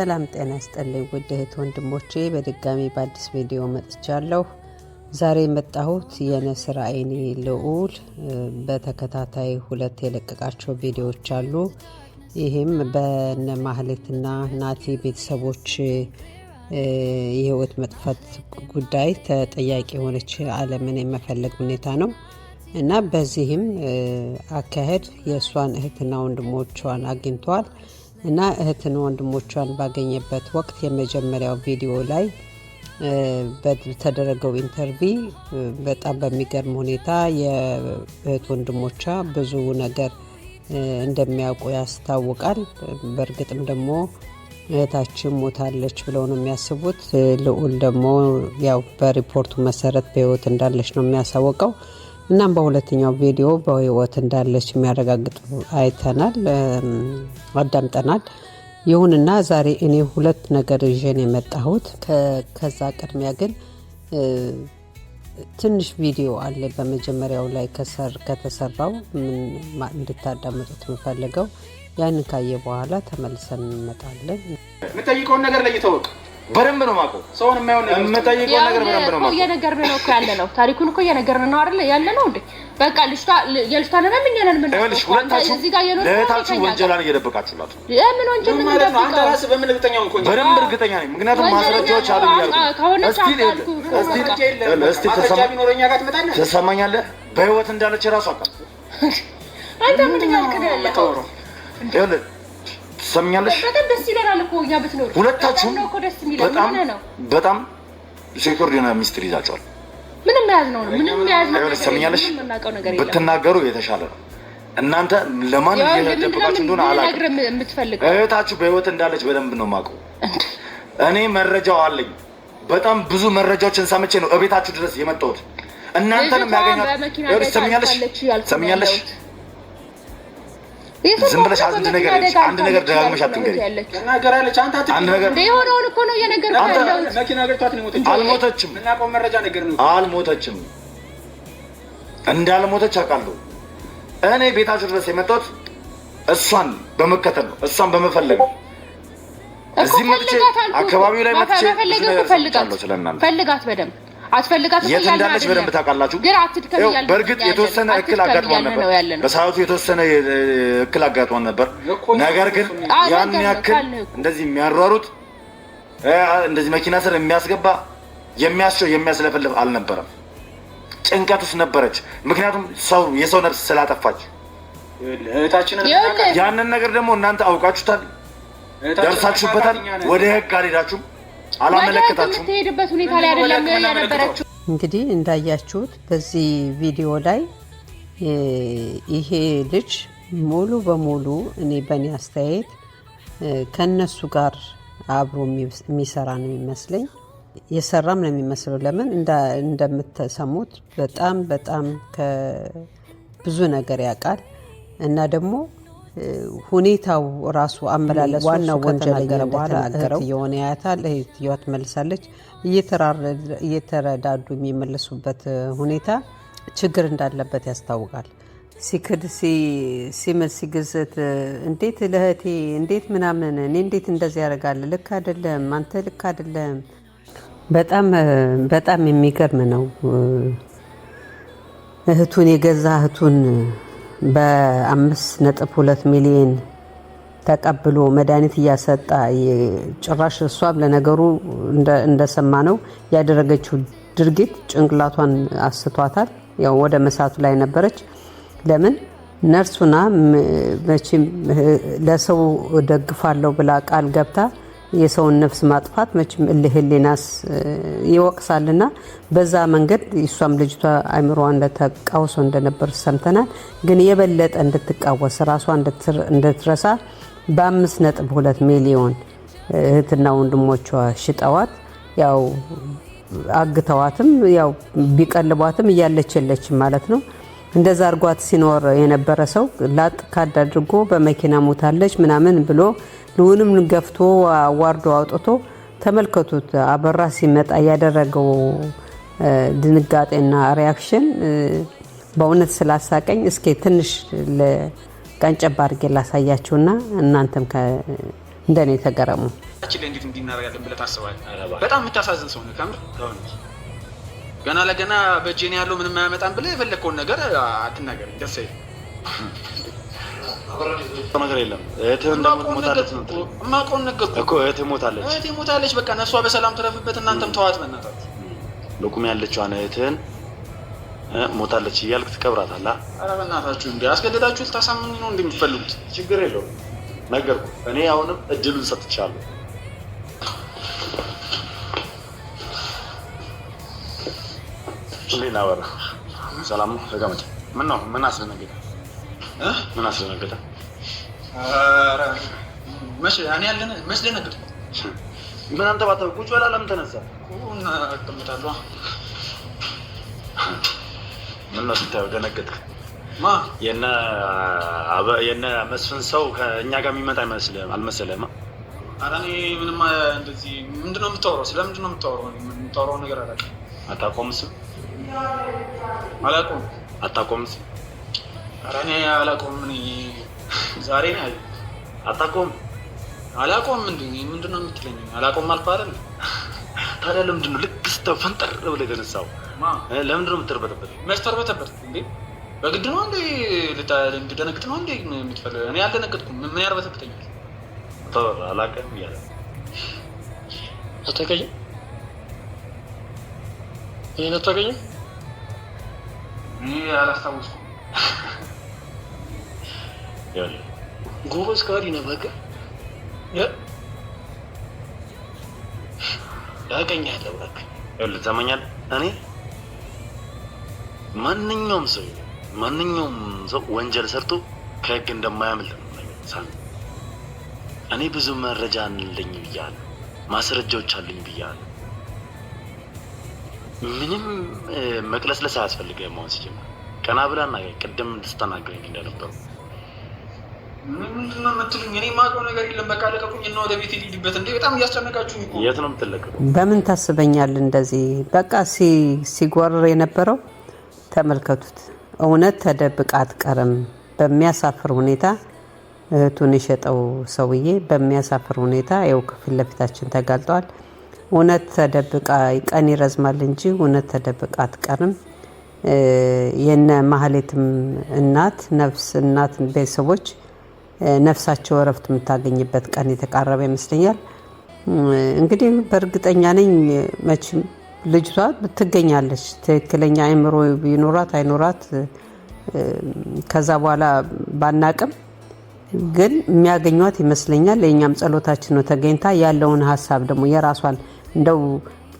ሰላም ጤና ይስጠልኝ ውድ እህት ወንድሞቼ፣ በድጋሚ በአዲስ ቪዲዮ መጥቻለሁ። ዛሬ የመጣሁት የንስር አይኔ ልዑል በተከታታይ ሁለት የለቀቃቸው ቪዲዮዎች አሉ። ይህም በነ ማህሌትና ናቲ ቤተሰቦች የህይወት መጥፋት ጉዳይ ተጠያቂ የሆነች አለምን የመፈለግ ሁኔታ ነው እና በዚህም አካሄድ የእሷን እህትና ወንድሞቿን አግኝተዋል። እና እህትን ወንድሞቿን ባገኘበት ወቅት የመጀመሪያው ቪዲዮ ላይ በተደረገው ኢንተርቪ በጣም በሚገርም ሁኔታ የእህት ወንድሞቿ ብዙ ነገር እንደሚያውቁ ያስታውቃል። በእርግጥም ደግሞ እህታችን ሞታለች ብለው ነው የሚያስቡት። ልዑል ደግሞ ያው በሪፖርቱ መሰረት በህይወት እንዳለች ነው የሚያሳወቀው። እናም በሁለተኛው ቪዲዮ በህይወት እንዳለች የሚያረጋግጡ አይተናል፣ አዳምጠናል። ይሁንና ዛሬ እኔ ሁለት ነገር ይዤን የመጣሁት ከዛ ቅድሚያ ግን ትንሽ ቪዲዮ አለ በመጀመሪያው ላይ ከተሰራው እንድታዳምጡት የምፈልገው ያንን ካየ በኋላ ተመልሰን እንመጣለን። የምጠይቀውን ነገር ለይተወቅ በደንብ ነው የማውቀው። ሰውን የማይሆን ነገር የምጠይቀው ነገር በደንብ ነው የማውቀው። እየነገርን ነው እኮ ያለ ነው ታሪኩን እኮ እየነገርን ነው አይደለ? ያለ ነው እንዴ? በቃ ልጅቷ የልጅቷ ነገር ምን ያለን ምን ነው ሁለታችሁ ለታችሁ ወንጀላን እየደበቃችሁ ናት። ምን ወንጀል ነው የምደብቀው? አንተ ራስህ በምን እርግጠኛ ሆንኩ? በደንብ እርግጠኛ ነኝ፣ ምክንያቱም ማስረጃዎች አሉ ከሆነ እያልኩ እስቲ ትሰማኛለህ። በህይወት እንዳለች ራሱ አውቃለሁ። አንተ ምን ነው ያለው ትሰምኛለሽ? በጣም ደስ ይለናል እኮ እኛ ብትኖር ሁለታችሁም በጣም በጣም ሴኩሪቲ የሆነ ሚስጥር ይዛቸዋል። ምንም ያዝ ነው ምንም ያዝ ነው ትሰምኛለሽ? ብትናገሩ የተሻለ ነው። እናንተ ለማን እየደበቃችሁ እንደሆነ አላውቅም። እህታችሁ በህይወት እንዳለች በደንብ ነው የማውቀው። እኔ መረጃው አለኝ። በጣም ብዙ መረጃዎችን ሰምቼ ነው እቤታችሁ ድረስ የመጣሁት። እናንተንም ያገኛል። ትሰምኛለሽ? ትሰምኛለሽ ዝም ብለሽ አንድ ነገር አንድ ነገር ደጋግመሽ አትንገሪ። የሆነውን እኮ ነው እየነገርኩሽ ያለሁት። አልሞተችም፣ አልሞተችም። እንዳልሞተች አውቃለሁ። እኔ ቤታችሁ ድረስ የመጣሁት እሷን በመከተል ነው፣ እሷን በመፈለግ ነው። እዚህ መጥቼ አካባቢው ላይ መጥቼ ፈልጋት በደምብ አስፈልጋት የት እንዳለች በደንብ ታውቃላችሁ። በእርግጥ የተወሰነ እክል አጋጥሟን ነበር፣ በሰዓቱ የተወሰነ እክል አጋጥሟን ነበር። ነገር ግን ያን ያክል እንደዚህ የሚያሯሩት እንደዚህ መኪና ስር የሚያስገባ የሚያስቸው የሚያስለፈልፍ አልነበረም። ጭንቀት ውስጥ ነበረች፣ ምክንያቱም ሰው የሰው ነፍስ ስላጠፋች። ያንን ነገር ደግሞ እናንተ አውቃችሁታል፣ ደርሳችሁበታል። ወደ ህግ አልሄዳችሁም። የምትሄድበት ሁኔታ ላይ አይደለም የነበረችው። እንግዲህ እንዳያችሁት በዚህ ቪዲዮ ላይ ይሄ ልጅ ሙሉ በሙሉ እኔ በእኔ አስተያየት ከእነሱ ጋር አብሮ የሚሰራ ነው የሚመስለኝ። የሰራም ነው የሚመስለው። ለምን እንደምትሰሙት በጣም በጣም ከብዙ ነገር ያውቃል እና ደግሞ ሁኔታው ራሱ አመላለሱ ዋና ወንጀል በኋላ የሆነ ያያታል። እህትየዋ ትመልሳለች። እየተረዳዱ የሚመለሱበት ሁኔታ ችግር እንዳለበት ያስታውቃል። ሲክድ ሲምል ሲግዝት እንዴት ለእህቴ እንዴት ምናምን እኔ እንዴት እንደዚህ ያደርጋል? ልክ አይደለም አንተ ልክ አይደለም። በጣም በጣም የሚገርም ነው። እህቱን የገዛ እህቱን በ5.2 ሚሊዮን ተቀብሎ መድኃኒት እያሰጣ ጭራሽ እሷም ለነገሩ እንደሰማ ነው ያደረገችው ድርጊት ጭንቅላቷን አስቷታል። ያው ወደ መሳቱ ላይ ነበረች። ለምን ነርሱና መቼም ለሰው ደግፋለሁ ብላ ቃል ገብታ የሰውን ነፍስ ማጥፋት መቼም እልህ ህሊናስ ይወቅሳልና በዛ መንገድ እሷም ልጅቷ አይምሮዋ እንደተቃውሶ እንደነበር ሰምተናል። ግን የበለጠ እንድትቃወስ ራሷ እንድትረሳ በአምስት ነጥብ ሁለት ሚሊዮን እህትና ወንድሞቿ ሽጠዋት ያው አግተዋትም ያው ቢቀልቧትም እያለች የለችም ማለት ነው። እንደዛ አድርጓት ሲኖር የነበረ ሰው ላጥ ካድ አድርጎ በመኪና ሞታለች ምናምን ብሎ ንውንም ገፍቶ አዋርዶ አውጥቶ ተመልከቱት። አበራ ሲመጣ ያደረገው ድንጋጤና ሪያክሽን በእውነት ስላሳቀኝ እስኪ ትንሽ ቀንጨባ አድርጌ ላሳያችሁና እናንተም እንደኔ ተገረሙ። እንዴት እንዲናረጋለን ብለህ ታስባለህ? በጣም የምታሳዝን ሰው ከምር ገና ለገና በጄኔ ያለው ምንም አያመጣም ብለህ የፈለግከውን ነገር አትናገር ደስ ነገር የለም። እህትህ እንደምትሞታለች ነው የማውቀውን ነገር እኮ እህትህ ሞታለች፣ እህትህ ሞታለች። በቃ ነፍሷ በሰላም ትረፍበት፣ እናንተም ተዋት። በእናትህ ልቁም ያለችዋን እህትህን ሞታለች እያልክ ትቀብራታለህ። ኧረ በእናታችሁ እንዲ አስገደዳችሁ ልታሳምኑ ነው እንደሚፈልጉት። ችግር የለውም ነገርኩህ። እኔ አሁንም እድሉን ሰጥቻለሁ። ሌላ ወራ ሰላም ነው። ምን ነው ምን አስደነገጠ? ምን አስደነገጠ? መች ደነግጥ? ምን ቁጭ በላ። ለምን ተነሳ? ምን ነው ስታየው ደነገጥክ? የነ መስፍን ሰው ከእኛ ጋር የሚመጣ አልመሰለህም? ኧረ እኔ ምንም እንደዚህ ምንድን ነው የምታወራው? ስለምንድን ነው የምታወራው? ነገር አላውቅም። አታቆምስም? አላውቅም። አታቆምስም ኧረ እኔ አላውቀውም። እኔ ዛሬ ነው ያየሁት። አታውቀውም? አላውቀውም። እንደ ምንድን ነው የምትለኝ? አላውቀውም አልኩህ አይደል? ታዲያ ለምንድን ነው ልክ ስተ ፈንጠር ብለህ የተነሳው? ለምንድን ነው የምትርበተበት? መች እንዴ? በግድ ነው እንዴ? እንድደነግጥ ነው እንዴ የምትፈልገው? እኔ አልደነገጥኩም። ምን ያርበተብተኛል? አላውቅም እያለ አታውቅኝም? ይህን አታውቅኝም? ይህ አላስታወስኩም ጎበዝ ካሪ ነህ። በቃ ያቀኛለህ። በቃ ይኸውልህ፣ እኔ ማንኛውም ሰው ማንኛውም ሰው ወንጀል ሰርቶ ከህግ እንደማያመልጥ እኔ ብዙ መረጃ አለኝ ብያለሁ፣ ማስረጃዎች አለኝ ብያለሁ። ምንም መቅለስለስ አያስፈልግህም። አሁን ሲጀምር ቀና ብላና ቅድም ስትናገረኝ እንደነበረው የምትሉኝ? እኔ የማውቀው ነገር የለም። በቃ ለቀቁኝ እና ወደ ቤት እንዴ በጣም እያስጨነቃችሁኝ እኮ። የት ነው የምትለቀቁ? በምን ታስበኛል? እንደዚህ በቃ ሲጎርር የነበረው ተመልከቱት። እውነት ተደብቃ አትቀርም። በሚያሳፍር ሁኔታ እህቱን የሸጠው ሰውዬ በሚያሳፍር ሁኔታ ይኸው ከፊት ለፊታችን ተጋልጠዋል። እውነት ተደብቃ ቀን ይረዝማል እንጂ እውነት ተደብቃ አትቀርም። የነ ማህሌትም እናት ነፍስ እናት ቤተሰቦች ነፍሳቸው እረፍት የምታገኝበት ቀን የተቃረበ ይመስለኛል። እንግዲህ በእርግጠኛ ነኝ መቼም ልጅቷ ትገኛለች። ትክክለኛ አእምሮ ቢኖራት አይኖራት ከዛ በኋላ ባናቅም ግን የሚያገኟት ይመስለኛል። የእኛም ጸሎታችን ነው ተገኝታ ያለውን ሀሳብ ደግሞ የራሷን እንደው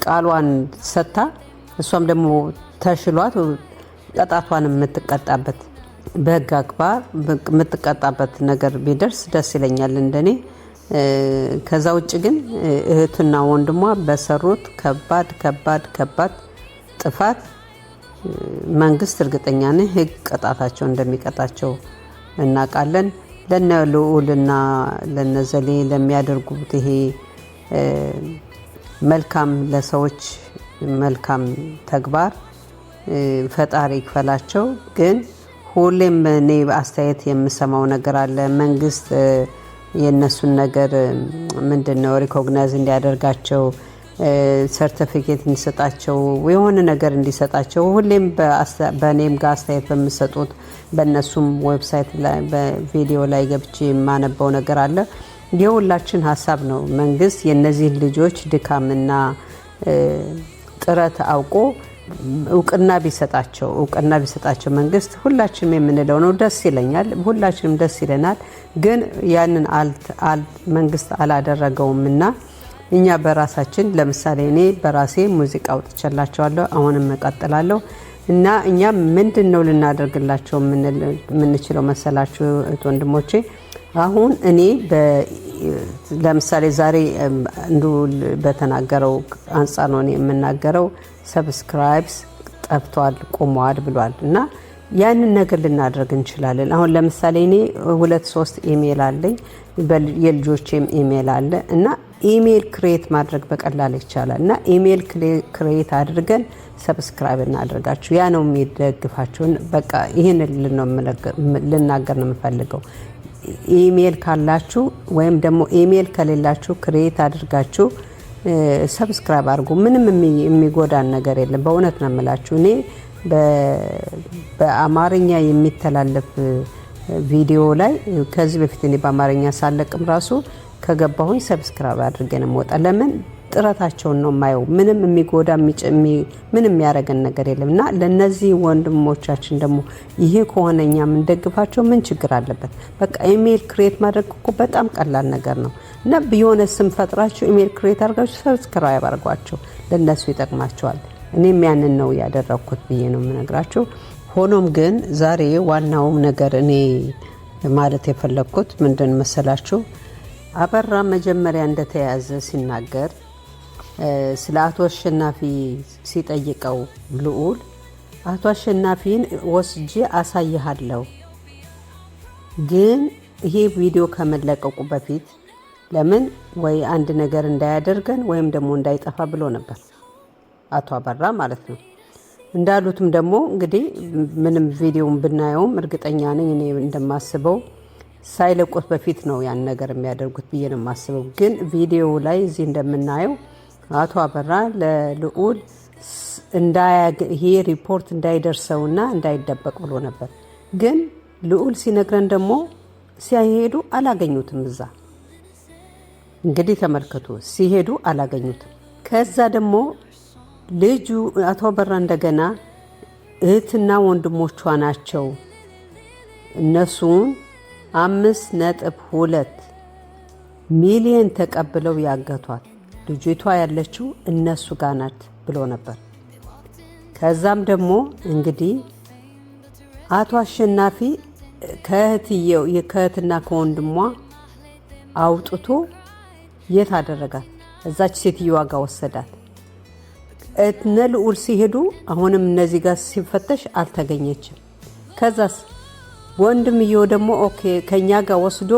ቃሏን ሰጥታ እሷም ደግሞ ተሽሏት ቅጣቷን የምትቀጣበት በህግ አግባር የምትቀጣበት ነገር ቢደርስ ደስ ይለኛል እንደኔ። ከዛ ውጭ ግን እህቱና ወንድሟ በሰሩት ከባድ ከባድ ከባድ ጥፋት መንግስት እርግጠኛ ነኝ ህግ ቅጣታቸው እንደሚቀጣቸው እናውቃለን። ለነ ልዑልና ለነ ዘሌ ለሚያደርጉት ይሄ መልካም ለሰዎች መልካም ተግባር ፈጣሪ ይክፈላቸው ግን ሁሌም እኔ አስተያየት የምሰማው ነገር አለ። መንግስት የእነሱን ነገር ምንድን ነው ሪኮግናይዝ እንዲያደርጋቸው ሰርቲፊኬት እንዲሰጣቸው የሆነ ነገር እንዲሰጣቸው ሁሌም በእኔም ጋር አስተያየት በምሰጡት በእነሱም ዌብሳይት ላይ በቪዲዮ ላይ ገብቼ የማነበው ነገር አለ። የሁላችን ሀሳብ ነው። መንግስት የእነዚህን ልጆች ድካምና ጥረት አውቆ እውቅና ቢሰጣቸው እውቅና ቢሰጣቸው መንግስት ሁላችንም የምንለው ነው። ደስ ይለኛል፣ ሁላችንም ደስ ይለናል። ግን ያንን መንግስት አላደረገውም እና እኛ በራሳችን ለምሳሌ እኔ በራሴ ሙዚቃ አውጥቼላቸዋለሁ፣ አሁንም እቀጥላለሁ እና እኛ ምንድን ነው ልናደርግላቸው የምንችለው መሰላችሁ እህት ወንድሞቼ? አሁን እኔ ለምሳሌ ዛሬ እንዱ በተናገረው አንጻር ነው የምናገረው ሰብስክራይብስ ጠብቷል፣ ቆመዋል ብሏል እና ያንን ነገር ልናደርግ እንችላለን። አሁን ለምሳሌ እኔ ሁለት ሶስት ኢሜይል አለኝ የልጆቼም ኢሜይል አለ እና ኢሜይል ክሬት ማድረግ በቀላል ይቻላል እና ኢሜይል ክሬት አድርገን ሰብስክራይብ እናደርጋችሁ። ያ ነው የሚደግፋችሁን። በቃ ይህን ልናገር ነው የምፈልገው። ኢሜይል ካላችሁ ወይም ደግሞ ኢሜይል ከሌላችሁ ክሬት አድርጋችሁ ሰብስክራይብ አድርጉ። ምንም የሚጎዳን ነገር የለም። በእውነት ነው የምላችሁ። እኔ በአማርኛ የሚተላለፍ ቪዲዮ ላይ ከዚህ በፊት እኔ በአማርኛ ሳለቅም ራሱ ከገባሁኝ ሰብስክራይብ አድርገን ወጣ ለምን ጥረታቸውን ነው የማየው። ምንም የሚጎዳ ምን የሚያደርገን ነገር የለም እና ለእነዚህ ወንድሞቻችን ደግሞ ይሄ ከሆነ እኛ የምንደግፋቸው ምን ችግር አለበት? በቃ ኢሜይል ክሬት ማድረግ እኮ በጣም ቀላል ነገር ነው እና የሆነ ስም ፈጥራቸው ኢሜይል ክሬት አድርጋችሁ ሰብስክራይብ አድርጓቸው፣ ለእነሱ ይጠቅማቸዋል። እኔም ያንን ነው ያደረግኩት ብዬ ነው የምነግራችሁ። ሆኖም ግን ዛሬ ዋናውም ነገር እኔ ማለት የፈለግኩት ምንድን መሰላችሁ አበራ መጀመሪያ እንደተያዘ ሲናገር ስለ አቶ አሸናፊ ሲጠይቀው ልዑል አቶ አሸናፊን ወስጄ አሳይሃለሁ፣ ግን ይሄ ቪዲዮ ከመለቀቁ በፊት ለምን ወይ አንድ ነገር እንዳያደርገን ወይም ደግሞ እንዳይጠፋ ብሎ ነበር አቶ አበራ ማለት ነው። እንዳሉትም ደግሞ እንግዲህ ምንም ቪዲዮውን ብናየውም እርግጠኛ ነኝ እኔ እንደማስበው ሳይለቁት በፊት ነው ያን ነገር የሚያደርጉት ብዬ ነው የማስበው። ግን ቪዲዮው ላይ እዚህ እንደምናየው አቶ አበራ ለልዑል ይሄ ሪፖርት እንዳይደርሰውና እንዳይደበቅ ብሎ ነበር። ግን ልዑል ሲነግረን ደግሞ ሲሄዱ አላገኙትም። እዛ እንግዲህ ተመልከቱ፣ ሲሄዱ አላገኙትም። ከዛ ደግሞ ልጁ አቶ አበራ እንደገና እህትና ወንድሞቿ ናቸው እነሱን አምስት ነጥብ ሁለት ሚሊየን ተቀብለው ያገቷት ልጅቷ ያለችው እነሱ ጋር ናት ብሎ ነበር። ከዛም ደግሞ እንግዲህ አቶ አሸናፊ ከእህትየው ከእህትና ከወንድሟ አውጥቶ የት አደረጋት? እዛች ሴትዮዋ ጋር ወሰዳት። እነ ልዑል ሲሄዱ አሁንም እነዚህ ጋር ሲፈተሽ አልተገኘችም። ከዛስ ወንድምየው ደግሞ ኦኬ ከእኛ ጋር ወስዶ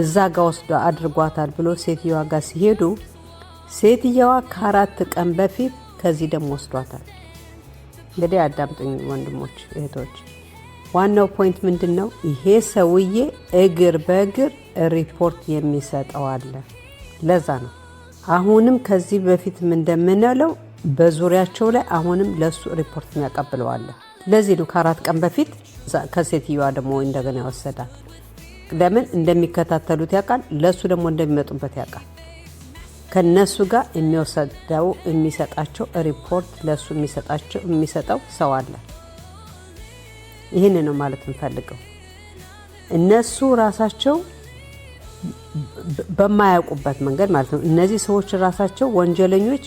እዛ ጋር ወስዶ አድርጓታል ብሎ ሴትዮዋ ጋር ሲሄዱ ሴትየዋ ከአራት ቀን በፊት ከዚህ ደም ወስዷታል። እንግዲህ አዳምጡኝ ወንድሞች እህቶች፣ ዋናው ፖይንት ምንድን ነው? ይሄ ሰውዬ እግር በእግር ሪፖርት የሚሰጠው አለ። ለዛ ነው አሁንም ከዚህ በፊት እንደምንለው በዙሪያቸው ላይ አሁንም ለእሱ ሪፖርት የሚያቀብለዋለ። ለዚህ ነው ከአራት ቀን በፊት ከሴትዮዋ ደግሞ እንደገና ይወሰዳል። ለምን እንደሚከታተሉት ያውቃል። ለእሱ ደግሞ እንደሚመጡበት ያውቃል። ከነሱ ጋር የሚወሰደው የሚሰጣቸው ሪፖርት ለእሱ የሚሰጣቸው የሚሰጠው ሰው አለ። ይህን ነው ማለት እንፈልገው። እነሱ ራሳቸው በማያውቁበት መንገድ ማለት ነው። እነዚህ ሰዎች ራሳቸው ወንጀለኞች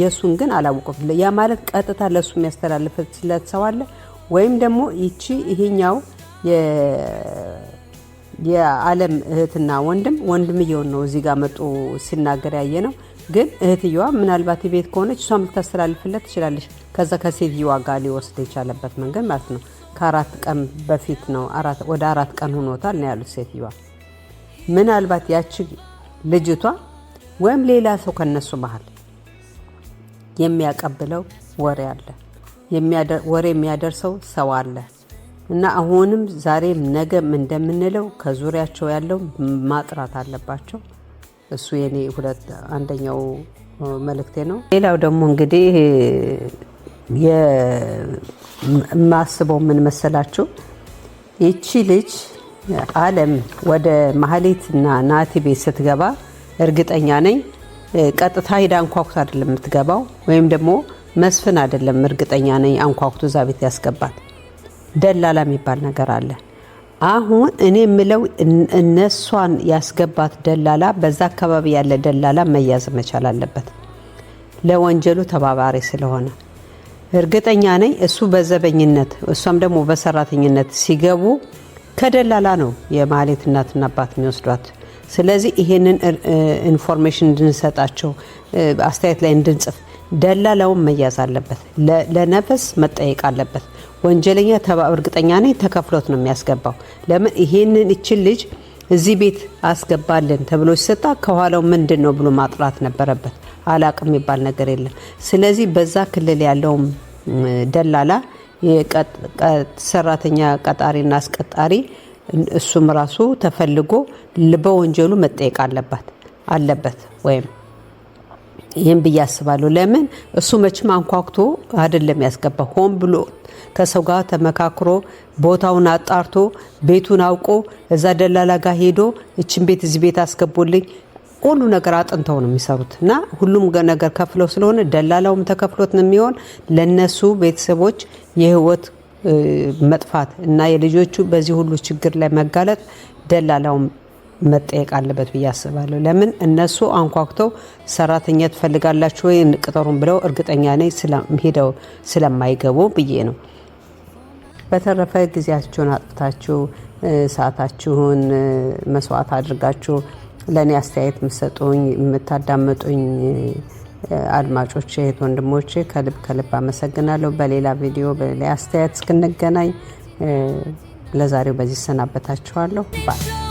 የእሱን ግን አላውቁም። ያ ማለት ቀጥታ ለእሱ የሚያስተላልፍለት ሰው አለ ወይም ደግሞ ይቺ ይሄኛው የዓለም እህትና ወንድም ወንድምየውን ነው እዚህ ጋር መጡ ሲናገር ያየ ነው። ግን እህትየዋ ምናልባት ቤት ከሆነች እሷም ልታስተላልፍለት ትችላለች። ከዛ ከሴትየዋ ጋር ሊወስድ የቻለበት መንገድ ማለት ነው። ከአራት ቀን በፊት ነው፣ ወደ አራት ቀን ሆኖታል ነው ያሉት ሴትዮዋ። ምናልባት ያቺ ልጅቷ ወይም ሌላ ሰው ከነሱ መሀል የሚያቀብለው ወሬ አለ፣ ወሬ የሚያደርሰው ሰው አለ። እና አሁንም ዛሬም ነገም እንደምንለው ከዙሪያቸው ያለው ማጥራት አለባቸው። እሱ የኔ ሁለት አንደኛው መልእክቴ ነው። ሌላው ደግሞ እንግዲህ የማስበው ምን መሰላችሁ፣ ይቺ ልጅ አለም ወደ ማህሌትና ናቲ ቤት ስትገባ እርግጠኛ ነኝ ቀጥታ ሂዳ አንኳኩት አይደለም የምትገባው፣ ወይም ደግሞ መስፍን አይደለም እርግጠኛ ነኝ አንኳኩቱ እዛ ቤት ያስገባት ደላላ የሚባል ነገር አለ። አሁን እኔ የምለው እነሷን ያስገባት ደላላ በዛ አካባቢ ያለ ደላላ መያዝ መቻል አለበት ለወንጀሉ ተባባሪ ስለሆነ እርግጠኛ ነኝ እሱ በዘበኝነት እሷም ደግሞ በሰራተኝነት ሲገቡ ከደላላ ነው የማሌት እናትና አባት የሚወስዷት። ስለዚህ ይሄንን ኢንፎርሜሽን እንድንሰጣቸው አስተያየት ላይ እንድንጽፍ ደላላውን መያዝ አለበት፣ ለነፍስ መጠየቅ አለበት። ወንጀለኛ እርግጠኛ ነኝ ተከፍሎት ነው የሚያስገባው። ለምን ይሄንን እችን ልጅ እዚህ ቤት አስገባልን ተብሎ ሲሰጣ ከኋላው ምንድን ነው ብሎ ማጥራት ነበረበት። አላቅም የሚባል ነገር የለም። ስለዚህ በዛ ክልል ያለውም ደላላ ሰራተኛ ቀጣሪና አስቀጣሪ እሱም ራሱ ተፈልጎ በወንጀሉ መጠየቅ አለበት ወይም ይህም ብዬ አስባለሁ። ለምን እሱ መቼም አንኳኩቶ አይደለም ያስገባ፣ ሆን ብሎ ከሰው ጋር ተመካክሮ ቦታውን አጣርቶ ቤቱን አውቆ እዛ ደላላ ጋር ሄዶ እችን ቤት እዚህ ቤት አስገቡልኝ ሁሉ ነገር አጥንተው ነው የሚሰሩት እና ሁሉም ነገር ከፍለው ስለሆነ ደላላውም ተከፍሎት ነው የሚሆን። ለነሱ ቤተሰቦች የህይወት መጥፋት እና የልጆቹ በዚህ ሁሉ ችግር ላይ መጋለጥ ደላላውም መጠየቅ አለበት ብዬ አስባለሁ። ለምን እነሱ አንኳኩተው ሰራተኛ ትፈልጋላችሁ ወይ ቅጠሩን ብለው እርግጠኛ ነኝ ሄደው ስለማይገቡ ብዬ ነው። በተረፈ ጊዜያችሁን አጥፍታችሁ ሰዓታችሁን መስዋዕት አድርጋችሁ ለእኔ አስተያየት የምትሰጡኝ የምታዳምጡኝ አድማጮች እህት ወንድሞች ከልብ ከልብ አመሰግናለሁ። በሌላ ቪዲዮ በሌላ አስተያየት እስክንገናኝ ለዛሬው በዚህ ሰናበታችኋለሁ ባይ